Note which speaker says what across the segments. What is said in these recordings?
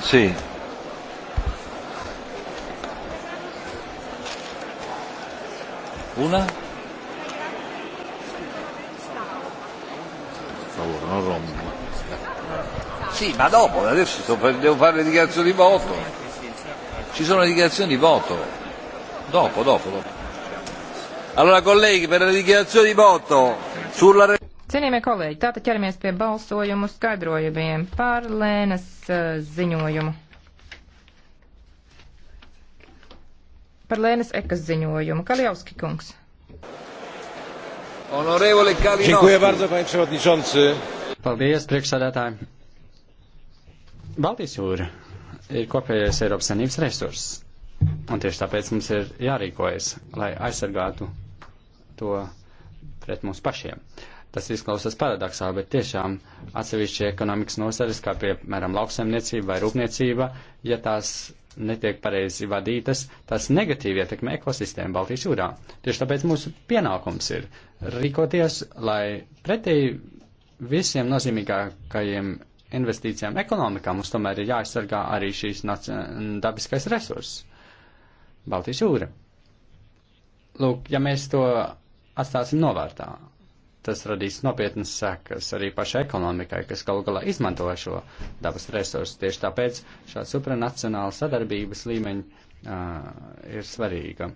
Speaker 1: Sì. Una? Favore, non rompo. Sì, ma dopo, adesso sto, devo fare le dichiarazioni di voto. Ci sono le dichiarazioni di voto. Dopo, dopo, dopo. Allora colleghi, per le dichiarazioni di voto sulla Cienījamie kolēģi, tātad ķeramies pie balsojumu skaidrojumiem par Lēnas uh, ziņojumu. Par Lēnas ekas ziņojumu. Kaljauski kungs. Honorevole Kaljauski.
Speaker 2: Paldies, priekšsādātāji. Baltijas jūra ir kopējais Eiropas Savienības resurss. Un tieši tāpēc mums ir jārīkojas, lai aizsargātu to pret mums pašiem. Uh, Tas izklausās paradoxāli, bet tiešām atsevišķi ekonomikas nozares, kā piemēram lauksaimniecība vai rūpniecība, ja tās netiek pareizi vadītas, tas negatīvi ietekmē ekosistēmu Baltijas jūrā. Tieši tāpēc mūsu pienākums ir rīkoties, lai pretēji visiem nozīmīgākajiem investīcijām ekonomikā mums tomēr ir jāaizsargā arī šīs dabiskais resurss - Baltijas jūra. Lūk, ja mēs to atstāsim novārtā, tas radīs nopietnas sekas arī pašai ekonomikai, kas galu galā izmanto šo dabas resursu. Tieši tāpēc šāda supranacionāla sadarbības līmeņa uh, ir svarīga.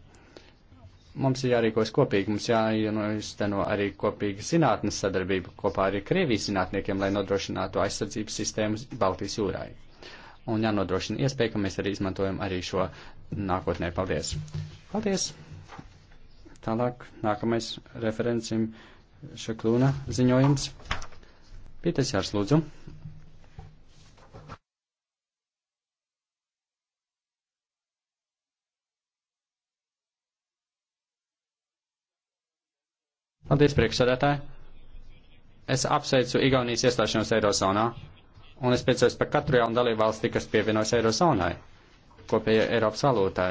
Speaker 2: Mums ir jārīkojas kopīgi, mums jāizteno arī kopīga zinātnes sadarbība kopā arī Krievijas zinātniekiem, lai nodrošinātu aizsardzības sistēmas Baltijas jūrai. Un jānodrošina iespēja, ka mēs arī izmantojam arī šo nākotnē. Paldies! Paldies! Tālāk nākamais referencim Šaklūna ziņojums. Pīters Jārs, lūdzu. Paldies, priekšsādātāji. Es apsveicu Igaunijas iestāšanos Eirozonā, un es priecājos par katru jaunu dalībvalsti, kas pievienojas Eirozonai, kopējai Eiropas valūtai,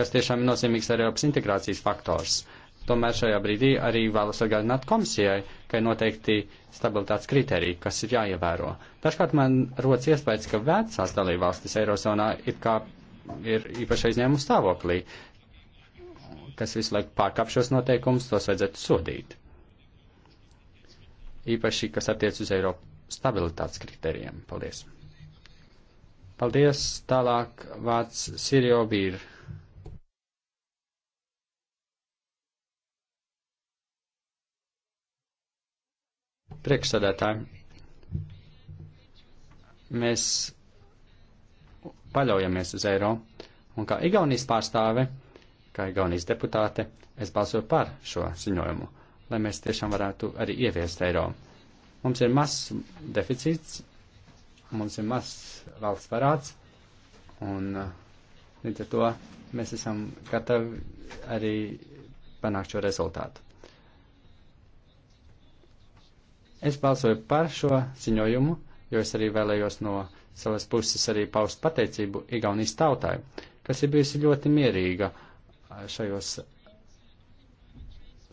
Speaker 2: kas tiešām ir nozīmīgs Eiropas integrācijas faktors. Uh, Tomēr šajā brīdī arī vēlas atgādināt komisijai, ka ir noteikti stabilitātes kriteriji, kas ir jāievēro. Dažkārt man rodas iespējas, ka vecās dalībvalstis Eirozonā ir kā ir īpaši aizņēmuma stāvoklī, kas visu laiku pārkāp šos noteikumus, tos vajadzētu sodīt. Īpaši, kas attiec uz Eiropu stabilitātes kriterijiem. Paldies! Paldies! Tālāk vārds Sirjo Bīra Priekšsēdētāji, mēs paļaujamies uz eiro, un kā Igaunijas pārstāve, kā Igaunijas deputāte, es balsoju par šo ziņojumu, lai mēs tiešām varētu arī ieviest eiro. Mums ir mazs deficīts, mums ir mazs valsts parāds, un uh, līdz ar to mēs esam gatavi arī panākt šo rezultātu. Es balsoju par šo ziņojumu, jo es arī vēlējos no savas puses arī paust pateicību Igaunijas tautai, kas ir bijusi ļoti mierīga šajos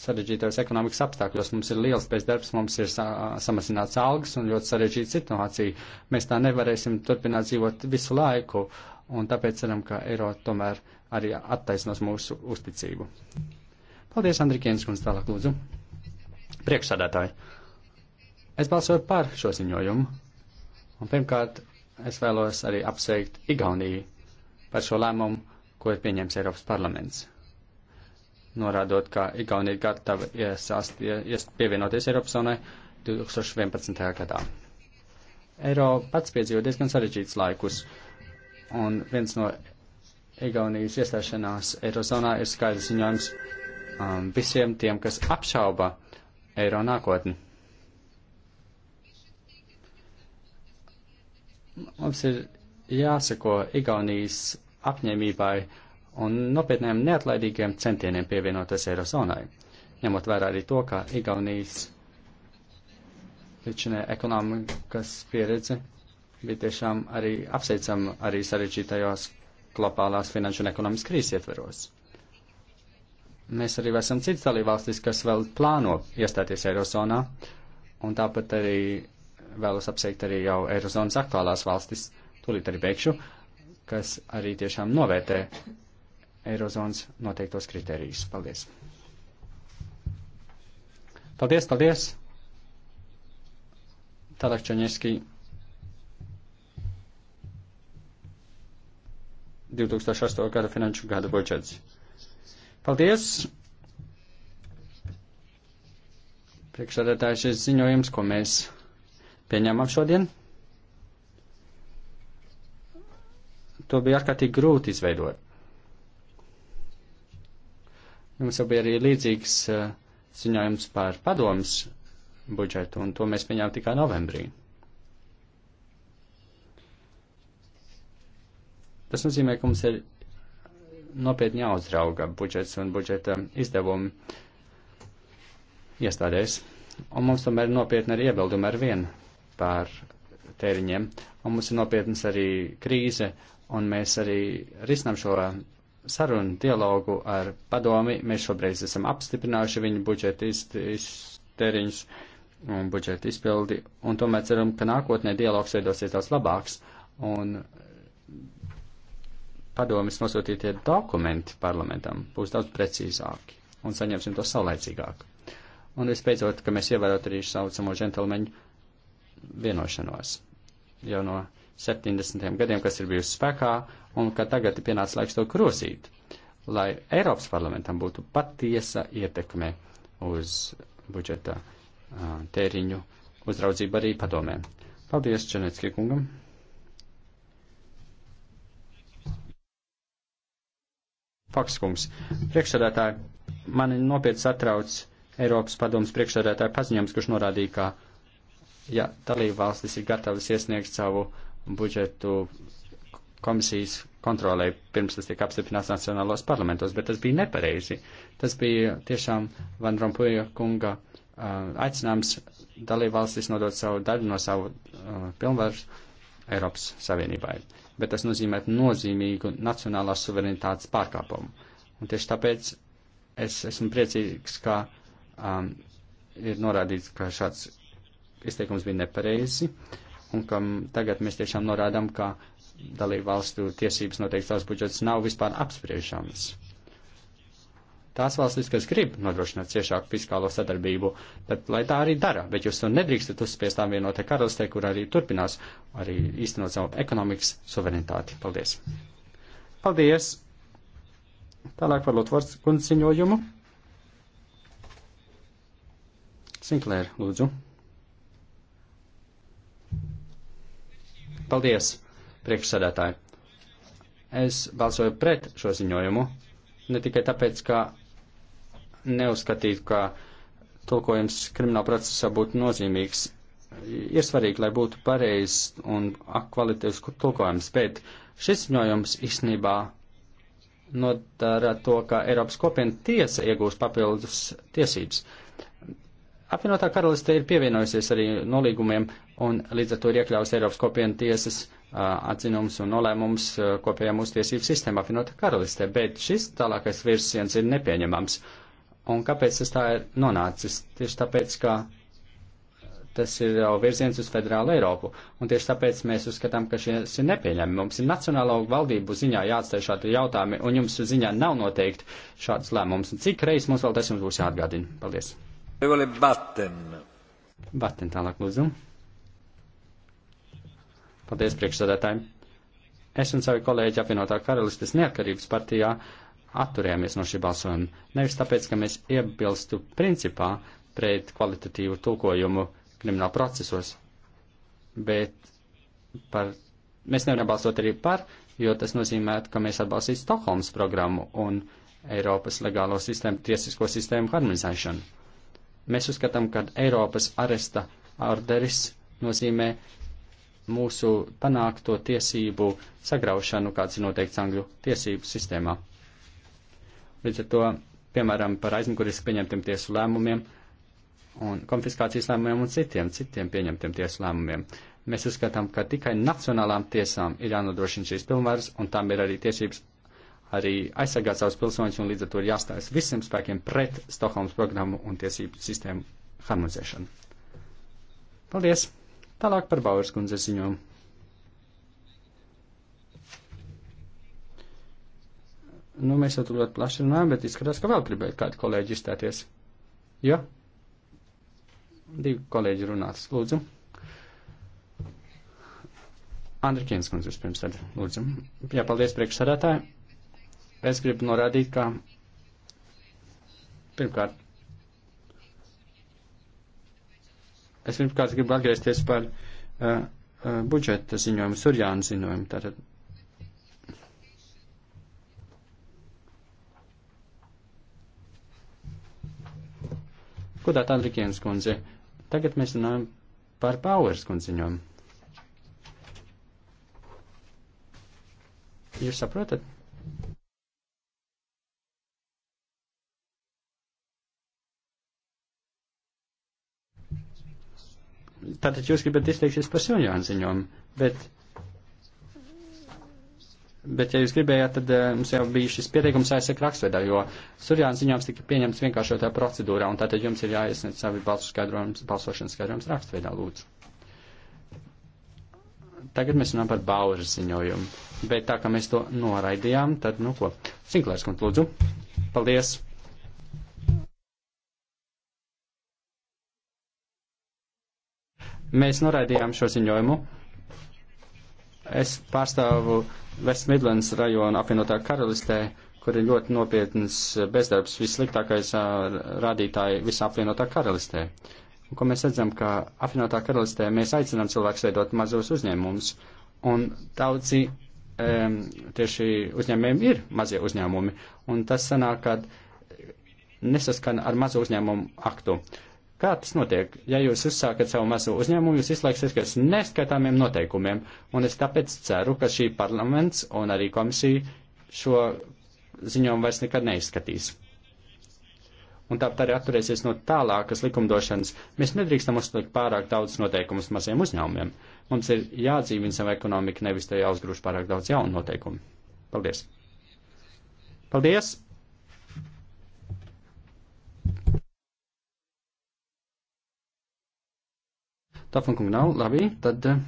Speaker 2: sarežģītos ekonomikas apstākļos. Mums ir liels bezdarbs, mums ir sa samazināts algas un ļoti sarežģīta situācija. Mēs tā nevarēsim turpināt dzīvot visu laiku, un tāpēc ceram, ka eiro tomēr arī attaisnos mūsu uzticību. Paldies, Andrikienis, kundz tālāk lūdzu. Priekšsādātāji. Es balsoju par šo ziņojumu. Un pirmkārt, es vēlos arī apsveikt Igauniju par šo lēmumu, ko ir pieņēmis Eiropas parlaments. Norādot, ka Igaunija ir gatava iesāst, ies, pievienoties Eiropas zonai 2011. gadā. Eiro pats piedzīvo diezgan sarežģītus laikus, un viens no Igaunijas iestāšanās Eirozonā ir skaidrs ziņojums um, visiem tiem, kas apšauba Eiro nākotni. Mums ir jāsako Igaunijas apņēmībai un nopietniem neatlaidīgiem centieniem pievienoties Eirozonai, ņemot vērā arī to, ka Igaunijas līdšanē ekonomikas pieredze bija tiešām arī apsveicama arī sarežģītajos globālās finanšu un ekonomikas krīzes ietveros. Mēs arī esam citas dalībvalstis, kas vēl plāno iestāties Eirozonā, un tāpat arī vēlos apsveikt arī jau Eirozonas aktuālās valstis, tūlīt arī beigšu, kas arī tiešām novērtē Eirozonas noteiktos kritērijus. Paldies! Paldies, paldies! Tālāk Čaņevski 2008. gada finanšu gada budžets. Paldies! Priekšsādātājs šis ziņojums, ko mēs pieņemam šodien. To bija ārkārtīgi grūti izveidot. Jums jau bija arī līdzīgs uh, ziņojums par padomus budžetu, un to mēs pieņēmām tikai novembrī. Tas nozīmē, ka mums ir nopietni jāuzrauga budžets un budžeta izdevumi iestādēs, un mums tomēr nopietni ir iebildumi ar vienu par tēriņiem. Un mums ir nopietnas arī krīze, un mēs arī risinām šo sarunu dialogu ar padomi. Mēs šobrīd esam apstiprinājuši viņu budžeta iztēriņus un budžeta izpildi, un tomēr ceram, ka nākotnē dialogs veidosies daudz labāks. Un padomis nosūtītie dokumenti parlamentam būs daudz precīzāki un saņemsim to saulēcīgāk. Un visbeidzot, ka mēs ievērot arī savu samo džentelmeņu vienošanos jau no 70. gadiem, kas ir bijusi spēkā, un ka tagad ir pienācis laiks to krosīt, lai Eiropas parlamentam būtu patiesa ietekme uz budžeta tēriņu uzraudzību arī padomēm. Paldies Čenecki kungam! Pakskungs, priekšsēdētāji, mani nopietni satrauc Eiropas padomas priekšsēdētāja paziņojums, kurš norādīja, ka ja dalībvalstis ir gatavas iesniegt savu budžetu komisijas kontrolē, pirms tas tiek apstiprināts nacionālos parlamentos, bet tas bija nepareizi. Tas bija tiešām Van Rompuja kunga uh, aicinājums dalībvalstis nodot savu daļu no savu uh, pilnvaru Eiropas Savienībai. Bet tas nozīmē nozīmīgu nacionālās suverenitātes pārkāpumu. Un tieši tāpēc es esmu priecīgs, ka um, ir norādīts, ka šāds izteikums bija nepareizi, un ka tagad mēs tiešām norādām, ka dalību valstu tiesības noteikt savus budžetus nav vispār apspriežams. Tās valstis, kas grib nodrošināt ciešāku fiskālo sadarbību, tad lai tā arī dara, bet jūs to nedrīkstat uzspiest tām vienotē karalistē, kur arī turpinās arī īstenot savu ekonomikas suverenitāti. Paldies! Paldies! Tālāk par Lutvards kundziņojumu. Sinklēra, lūdzu. Paldies, priekšsēdētāji. Es balsoju pret šo ziņojumu, ne tikai tāpēc, ka neuzskatītu, ka tulkojums krimināla procesā būtu nozīmīgs. Ir svarīgi, lai būtu pareizs un kvalitīvs tulkojums, bet šis ziņojums īstenībā nodara to, ka Eiropas kopiena tiesa iegūs papildus tiesības. Apvienotā karaliste ir pievienojusies arī nolīgumiem un līdz ar to ir iekļauts Eiropas kopienu tiesas atzinums un nolēmums kopējā mūsu tiesību sistēmā apvienotā karalistē, bet šis tālākais virsiens ir nepieņemams. Un kāpēc tas tā ir nonācis? Tieši tāpēc, ka tas ir jau virziens uz federālu Eiropu. Un tieši tāpēc mēs uzskatām, ka šis ir nepieņemami. Mums ir nacionālo valdību ziņā jāatstāj šādi jautājumi, un jums ziņā nav noteikti šāds lēmums. Un cik reizes mums vēl tas jums būs jāatgādina? Paldies! Batten. Batten tālāk lūdzu. Paldies priekšsādātājiem. Es un savi kolēģi apvienotā karalistes neatkarības partijā atturējāmies no šī balsojuma. Nevis tāpēc, ka mēs iebilstu principā pret kvalitatīvu tulkojumu krimināla procesos, bet par, mēs nevaram balsot arī par, jo tas nozīmē, ka mēs atbalstīsim Stokholmas programmu un Eiropas legālo sistēmu, tiesisko sistēmu harmonizēšanu Mēs uzskatām, ka Eiropas aresta orderis nozīmē mūsu panākto tiesību sagraušanu, kāds ir noteikts angļu tiesību sistēmā. Līdz ar to, piemēram, par aizmuguriski pieņemtiem tiesu lēmumiem un konfiskācijas lēmumiem un citiem, citiem pieņemtiem tiesu lēmumiem. Mēs uzskatām, ka tikai nacionālām tiesām ir jānodrošina šīs pilnvaras, un tam ir arī tiesības arī aizsargāt savus pilsoņus un līdz ar to ir jāstājas visiem spēkiem pret Stokholmas programmu un tiesību sistēmu harmonizēšanu. Paldies! Tālāk par Bauers kundzes ziņojumu. Nu, mēs jau tur ļoti plaši runājam, bet izskatās, ka vēl gribētu kādu kolēģi izstāties. Jo? Divi kolēģi runās. Lūdzu. Andrikienas kundze vispirms tad. Lūdzu. Jā, paldies priekšsādātāji. Es gribu norādīt, ka pirmkārt, es pirmkārt gribu atgriezties par uh, uh, budžeta ziņojumu, surjānu ziņojumu. Tātad. Kodā tā Andrikienas kundze? Tagad mēs runājam par Powers kundze ziņojumu. Jūs saprotat? Tātad jūs gribat izteikties par Sunjāna ziņojumu, bet, bet ja jūs gribējāt, tad eh, mums jau bija šis pieteikums aizsaka rakstveidā, jo Sunjāna ziņojums tika pieņemts vienkāršotā procedūrā, un tātad jums ir jāiesniedz savi balsu skaidrojums, balsošanas skaidrojums rakstveidā, lūdzu. Tagad mēs runājam par Baužas ziņojumu, bet tā kā mēs to noraidījām, tad, nu ko, Sinklērs, lūdzu, paldies! Mēs noraidījām šo ziņojumu. Es pārstāvu Vestmidlands rajonu apvienotā karalistē, kur ir ļoti nopietnas bezdarbs, vissliktākais rādītāji visā apvienotā karalistē. Un, ko mēs redzam, ka apvienotā karalistē mēs aicinām cilvēkus veidot mazos uzņēmumus, un daudzi um, tieši uzņēmējiem ir mazie uzņēmumi, un tas sanāk, ka nesaskana ar mazo uzņēmumu aktu. Uh, Kā tas notiek? Ja jūs uzsākat savu mazo uzņēmumu, jūs izslēgsiet, ka neskaitāmiem noteikumiem, un es tāpēc ceru, ka šī parlaments un arī komisija šo ziņojumu vairs nekad neizskatīs. Un tāpat arī atturēsies no tālākas likumdošanas. Mēs nedrīkstam uzlikt pārāk daudz noteikumus maziem uzņēmumiem. Mums ir jādzīvina savu ekonomiku, nevis te jāuzgrūž pārāk daudz jaunu noteikumu. Paldies! Paldies! Tafunkunga nav, labi, tad eh,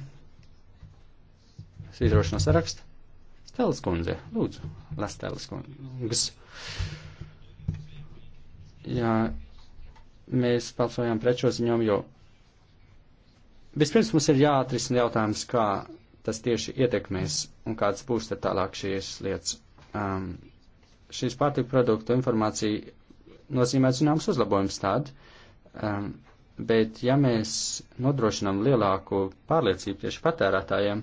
Speaker 2: es izrošinu sarakstu. Stēlis kundze, lūdzu, las Stēlis kungs. Jā, mēs balsojām pret šo ziņojumu, jo vispirms mums ir jāatrisina jautājums, kā tas tieši ietekmēs un kāds būs tad tālāk šīs lietas. Um, šīs pārtika produktu informācija nozīmē zināms uzlabojums tādu. Um, ehm, bet ja mēs nodrošinām lielāku pārliecību tieši patērētājiem,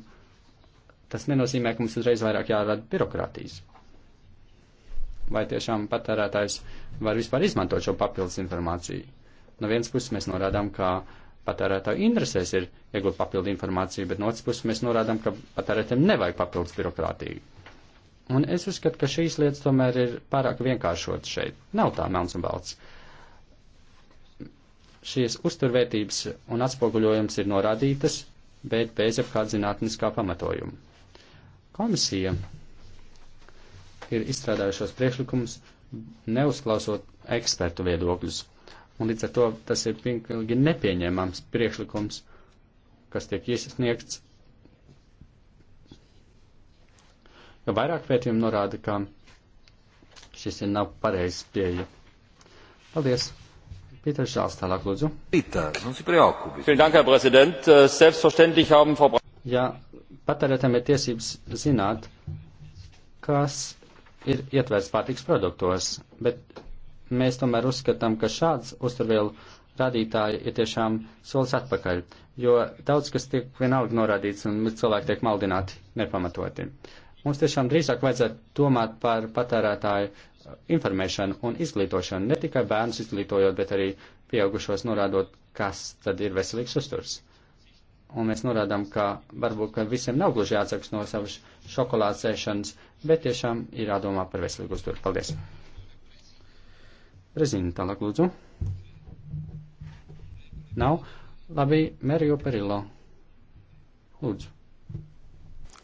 Speaker 2: tas nenozīmē, ka mums uzreiz vairāk jārada birokrātijas. Vai tiešām patērētājs var vispār izmantot šo papildus informāciju? No vienas puses mēs norādām, ka patērētāju interesēs ir iegūt papildu informāciju, bet no otras puses mēs norādām, ka patērētājiem nevajag papildus birokrātiju. Un es uzskatu, ka šīs lietas tomēr ir pārāk vienkāršotas šeit. Nav tā melns un balts. Uh, Šīs uzturvērtības un atspoguļojums ir norādītas, bet bez jebkāda zinātniskā pamatojuma. Komisija ir izstrādājušos priekšlikumus, neuzklausot ekspertu viedokļus. Un līdz ar to tas ir pilnīgi nepieņemams priekšlikums, kas tiek iesniegts. Jo vairāk pētījumi norāda, ka šis ir nav pareizs pieeja. Paldies! Pīters Žāls tālāk, lūdzu. Pīters, nu, mums ir preokupi. Dank, Herr Präsident. Äh, selbstverständlich haben Verbraucher. Ja, patērētājiem ir tiesības zināt, kas ir ietverts pārtiks produktos, bet mēs tomēr uzskatām, ka šāds uzturvielu rādītāji ir tiešām solis atpakaļ, jo daudz kas tiek vienalga norādīts un cilvēki tiek maldināti nepamatoti. Uh, Mums tiešām drīzāk vajadzētu domāt par patērētāju uh, informēšanu un izglītošanu, ne tikai bērnus izglītojot, bet arī pieaugušos norādot, kas tad ir veselīgs uzturs. Un mēs norādām, ka varbūt ka visiem nav gluži jāatsakās no savas šokolādes ēšanas, bet tiešām ir jādomā par veselīgu uzturu. Paldies! Rezina tālāk lūdzu. Nav? Labi, Meriju Perilo.
Speaker 3: Lūdzu.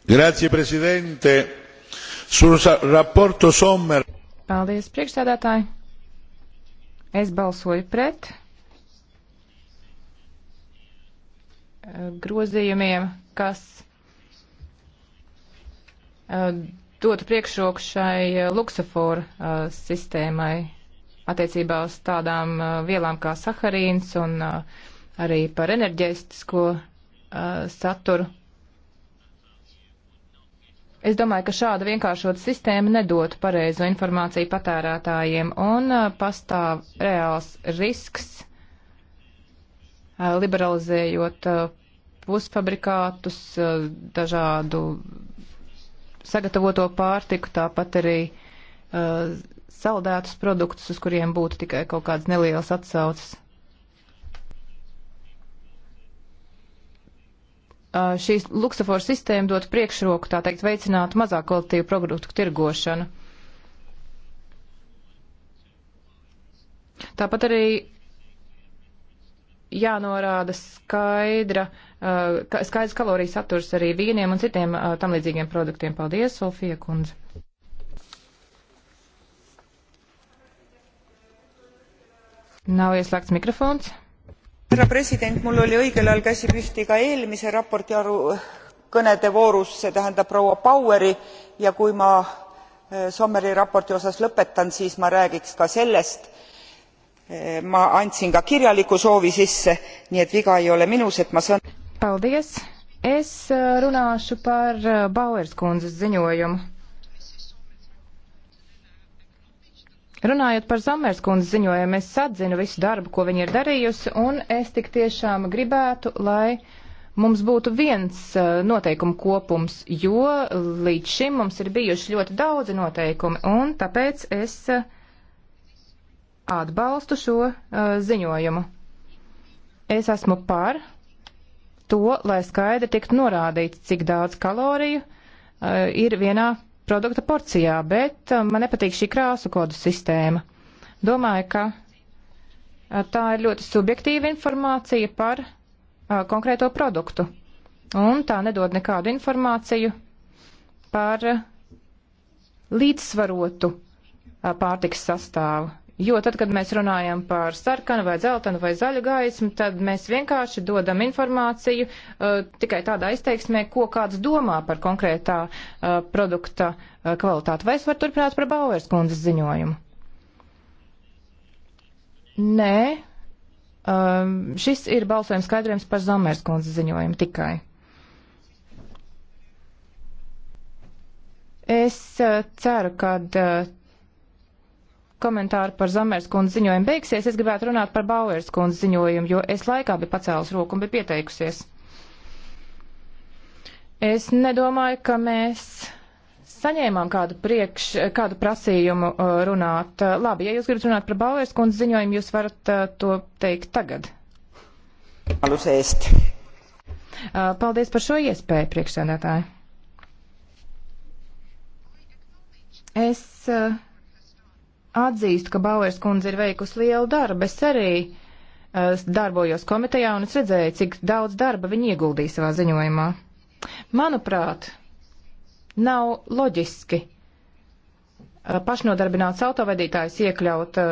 Speaker 3: Grazie, prezidente. Sur raportu Sommer.
Speaker 1: Paldies, priekšsēdētāji. Es balsoju pret eh, grozījumiem, kas eh, dotu priekšroku šai eh, luksaforu sistēmai attiecībā uz tādām vielām kā saharīns un arī par enerģētisko saturu. Es domāju, ka šāda vienkāršota sistēma nedotu pareizo informāciju patērētājiem un pastāv reāls risks liberalizējot pusfabrikātus, dažādu sagatavoto pārtiku, tāpat arī saldētus produktus, uz kuriem būtu tikai kaut kādas nelielas atsauces. šīs luksafora sistēma dot priekšroku, tā teikt, veicināt mazāk kvalitīvu produktu tirgošanu. Tāpat arī jānorāda skaidra, skaidrs kaloriju saturs arī vīniem un citiem tam līdzīgiem produktiem. Paldies, Sofija Kundze. Nav ieslēgts mikrofons
Speaker 3: härra president mul oli õigel ajal käsi püsti ka eelmise raporti kõnede voorus see tähendab proua baueri ja kui ma äh, sommeri raporti osas lõpetan siis ma räägiks ka sellest
Speaker 1: äh, ma andsin ka kirjaliku soovi sisse nii et viga ei ole minus et ma sõn- paldies es äh, runāšu par bauers kundzes ziņojumu Runājot par Zamerskundas ziņojumu, es atzinu visu darbu, ko viņa ir darījusi, un es tik tiešām gribētu, lai mums būtu viens uh, noteikumu kopums, jo līdz šim mums ir bijuši ļoti daudzi noteikumi, un tāpēc es uh, atbalstu šo uh, ziņojumu. Es esmu par to, lai skaidri tiktu norādīts, cik daudz kaloriju uh, ir vienā produkta porcijā, bet um, man nepatīk šī krāsu kodu sistēma. Domāju, ka uh, tā ir ļoti subjektīva informācija par uh, konkrēto produktu, un tā nedod nekādu informāciju par uh, līdzsvarotu pārtiks sastāvu. Jo tad, kad mēs runājam par sarkanu vai dzeltenu vai zaļu gaismu, tad mēs vienkārši dodam informāciju uh, tikai tādā izteiksmē, ko kāds domā par konkrētā uh, produkta uh, kvalitāti. Vai es varu turpināt par Bauers kundzes ziņojumu? Nē, um, šis ir balsojums skaidrojums par Zomers kundzes ziņojumu tikai. Es uh, ceru, ka. Uh, komentāri par Zamērs kundzi ziņojumu beigsies, es gribētu runāt par Bauers kundzi ziņojumu, jo es laikā biju pacēlus roku un biju pieteikusies. Es nedomāju, ka mēs saņēmām kādu priekš, kādu prasījumu uh, runāt. Uh, labi, ja jūs gribat runāt par Bauers kundzi ziņojumu, jūs varat uh, to teikt tagad. Paldies par šo iespēju, priekšsēdētāji. Es uh, atzīstu, ka Bauers kundze ir veikusi lielu darbu. Es arī uh, darbojos komitejā un es redzēju, cik daudz darba viņa ieguldīja savā ziņojumā. Manuprāt, nav loģiski uh, pašnodarbināts autovadītājs iekļaut uh,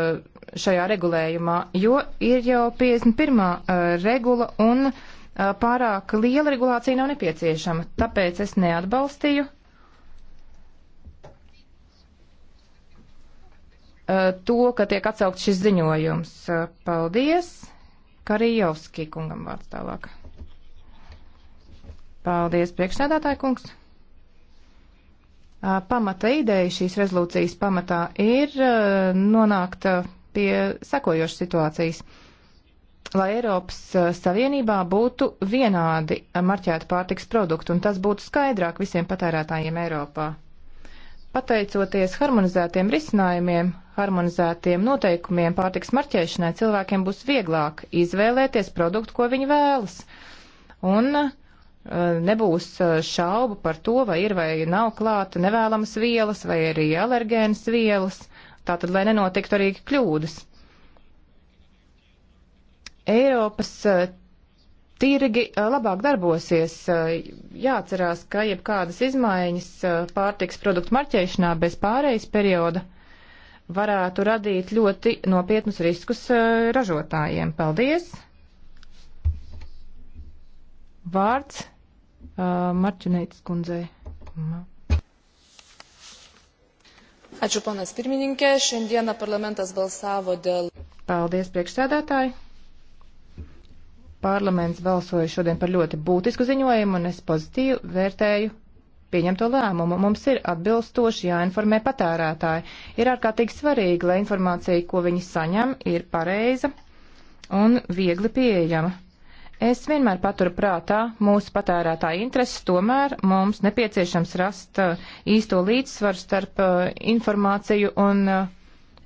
Speaker 1: šajā regulējumā, jo ir jau 51. regula un pārāk liela regulācija nav nepieciešama. Tāpēc es neatbalstīju Eh, to, ka tiek atsaukt šis ziņojums. Eh, paldies! Karijovski kungam vārds tālāk. Paldies, priekšsēdētāji kungs! Eh, pamata ideja šīs rezolūcijas pamatā ir nonākt pie sekojošas situācijas lai Eiropas Savienībā būtu vienādi marķēti pārtiks produkti, un tas būtu skaidrāk visiem patērētājiem Eiropā. Pateicoties harmonizētiem risinājumiem, harmonizētiem noteikumiem pārtiks marķēšanai cilvēkiem būs vieglāk izvēlēties produktu, ko viņi vēlas. Un uh, nebūs uh, šaubu par to, vai ir vai nav klāta nevēlamas vielas vai arī alergēnas vielas. Tātad, lai nenotiktu arī kļūdas. Eiropas uh, tirgi labāk darbosies. Jāatcerās, ka jebkādas izmaiņas pārtiks produktu marķēšanā bez pārejas perioda varētu radīt ļoti nopietnus riskus eh, ražotājiem. Paldies! Vārds eh, Marķunētas kundzei. Ačiū, ponas pirmininkė. Šiandieną parlamentas balsavo dėl. Paldies, priekšsēdētāji. Parlaments balsoja šodien par ļoti būtisku ziņojumu, un es pozitīvi vērtēju pieņemto lēmumu. Mums ir atbilstoši jāinformē patērētāji. Ir ārkārtīgi svarīgi, lai informācija, ko viņi saņem, ir pareiza un viegli pieejama. Es vienmēr paturu prātā mūsu patērētāju intereses, tomēr mums nepieciešams rast uh, īsto līdzsvaru starp uh, informāciju un uh,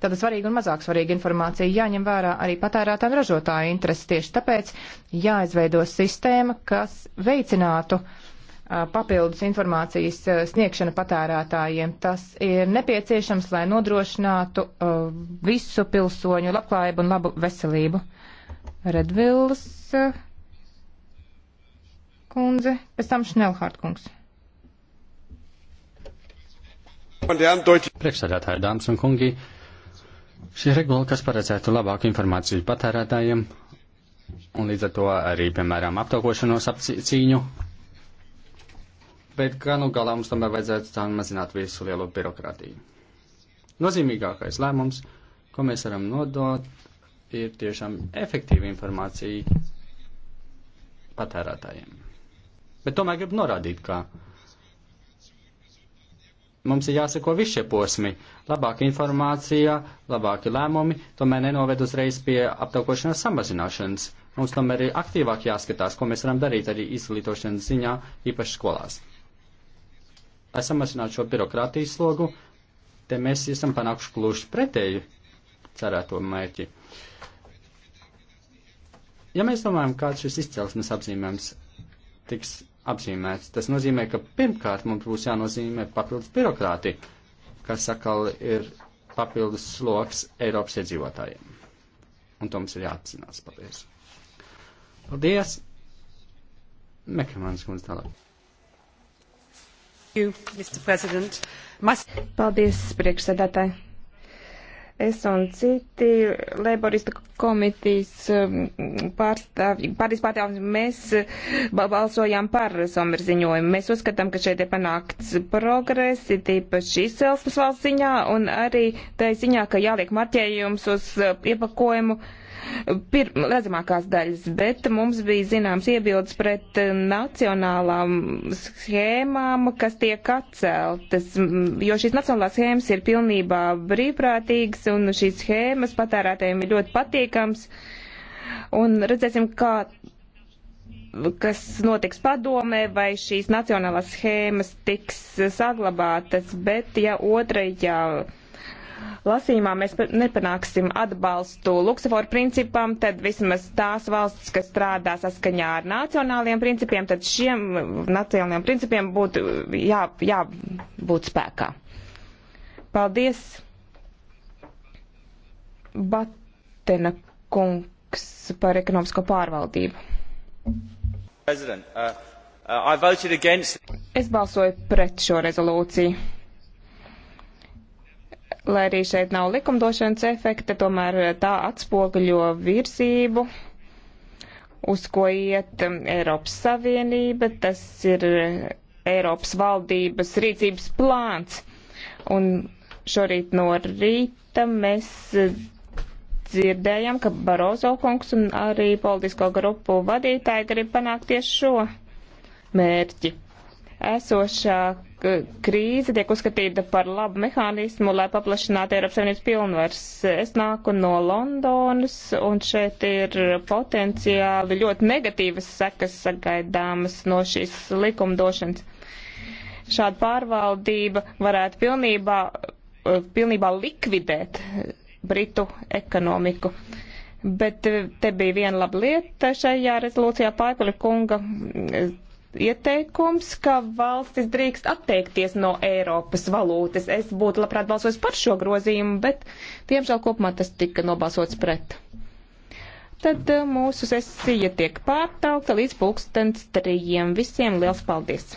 Speaker 1: tāda svarīga un mazāk svarīga informācija. Jāņem vērā arī patērētāju un ražotāju intereses. Tieši tāpēc jāizveido sistēma, kas veicinātu uh, papildus informācijas sniegšana patērētājiem. Tas ir nepieciešams, lai nodrošinātu visu pilsoņu labklājību un labu veselību. Redvils kundze, pēc tam Šnelhārt kungs.
Speaker 2: Priekšsēdētāji, dāmas un kungi, šī regula, kas paredzētu labāku informāciju patērētājiem un līdz ar to arī, piemēram, aptaukošanos apcīņu bet kā nu galā mums tomēr vajadzētu tā mazināt visu lielo birokrātiju. Nozīmīgākais lēmums, ko mēs varam nodot, ir tiešām efektīva informācija patērētājiem. Bet tomēr gribu norādīt, ka mums ir jāseko visi šie posmi. Labāka informācija, labāki lēmumi, tomēr nenoved uzreiz pie aptaukošanas samazināšanas. Mums tomēr ir aktīvāk jāskatās, ko mēs varam darīt arī izglītošanas ziņā, īpaši skolās lai samazinātu šo birokrātijas slogu, te mēs esam panākuši gluži pretēju cerēto mērķi. Ja mēs domājam, kāds šis izcelsmes apzīmējums tiks apzīmēts, tas nozīmē, ka pirmkārt mums būs jānozīmē papildus birokrāti, kas sakal ir papildus sloks Eiropas iedzīvotājiem. Un to mums ir jāapzinās. Paldies! Paldies! Mekamāns kundze tālāk.
Speaker 1: You, Mas...
Speaker 3: Paldies, priekšsēdētāji. Es un citi laboristu komitīs um, pārstāvji, pārstāvji, pārstāvji mēs balsojām par Somer ziņojumu. Mēs uzskatām, ka šeit ir panākts progress, ir tīpaši izcelsmes valsts ziņā un arī tā ziņā, ka jāliek marķējums uz uh, iepakojumu. Uh, redzamākās daļas, bet mums bija zināms iebildes pret nacionālām schēmām, kas tiek atceltas, jo šīs nacionālās schēmas ir pilnībā brīvprātīgas un šīs schēmas patērētājiem ir ļoti patīkams. Un redzēsim, kā kas notiks padomē, vai šīs nacionālās schēmas tiks saglabātas, bet ja otrajā. Ja lasījumā mēs nepanāksim atbalstu Luksemburgas principam, tad vismaz tās valsts, kas strādā saskaņā ar nacionāliem principiem, tad šiem nacionāliem principiem būtu jā, jābūt spēkā. Paldies, Batena kungs, par ekonomisko pārvaldību.
Speaker 2: President, uh, uh, I voted against...
Speaker 3: Es balsoju pret šo rezolūciju Lai arī šeit nav likumdošanas efekta, tomēr tā atspoguļo virzību, uz ko iet um, Eiropas Savienība. Tas ir Eiropas valdības rīcības plāns. Un šorīt no rīta mēs dzirdējām, ka Barozo kungs un arī politisko grupu vadītāji grib panākt tieši šo mērķi esošā krīze tiek uzskatīta par labu mehānismu, lai paplašinātu Eiropas Savienības pilnvars. Es nāku no Londonas, un šeit ir potenciāli ļoti negatīvas sekas sagaidāmas no šīs likumdošanas. Šāda pārvaldība varētu pilnībā, pilnībā likvidēt Britu ekonomiku. Bet te bija viena laba lieta šajā rezolūcijā Paipoli kunga ieteikums, ka valstis drīkst atteikties no Eiropas valūtas. Es būtu labprāt balsojis par šo grozījumu, bet diemžēl kopumā tas tika nobalsots pret. Tad eh, mūsu sesija tiek pārtraukta līdz pulkstens trījiem. Visiem liels paldies!